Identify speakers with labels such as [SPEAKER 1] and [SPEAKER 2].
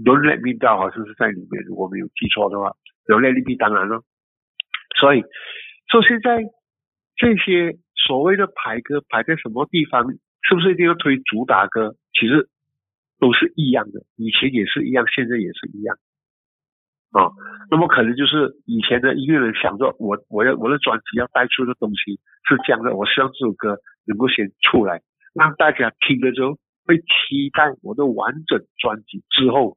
[SPEAKER 1] Don't let me down，好像是在裏面。如果沒有記錯的話，Don't let me down 當然咯。所以，所以現在這些所謂的排歌排在什麼地方，是不是一定要推主打歌？其實都是一樣的，以前也是一樣，現在也是一樣。啊、哦，那麼可能就是以前的音樂人想着我，我要我的專輯要帶出的東西是這樣的，我希望這首歌能夠先出來，讓大家聽了之後會期待我的完整專輯之後。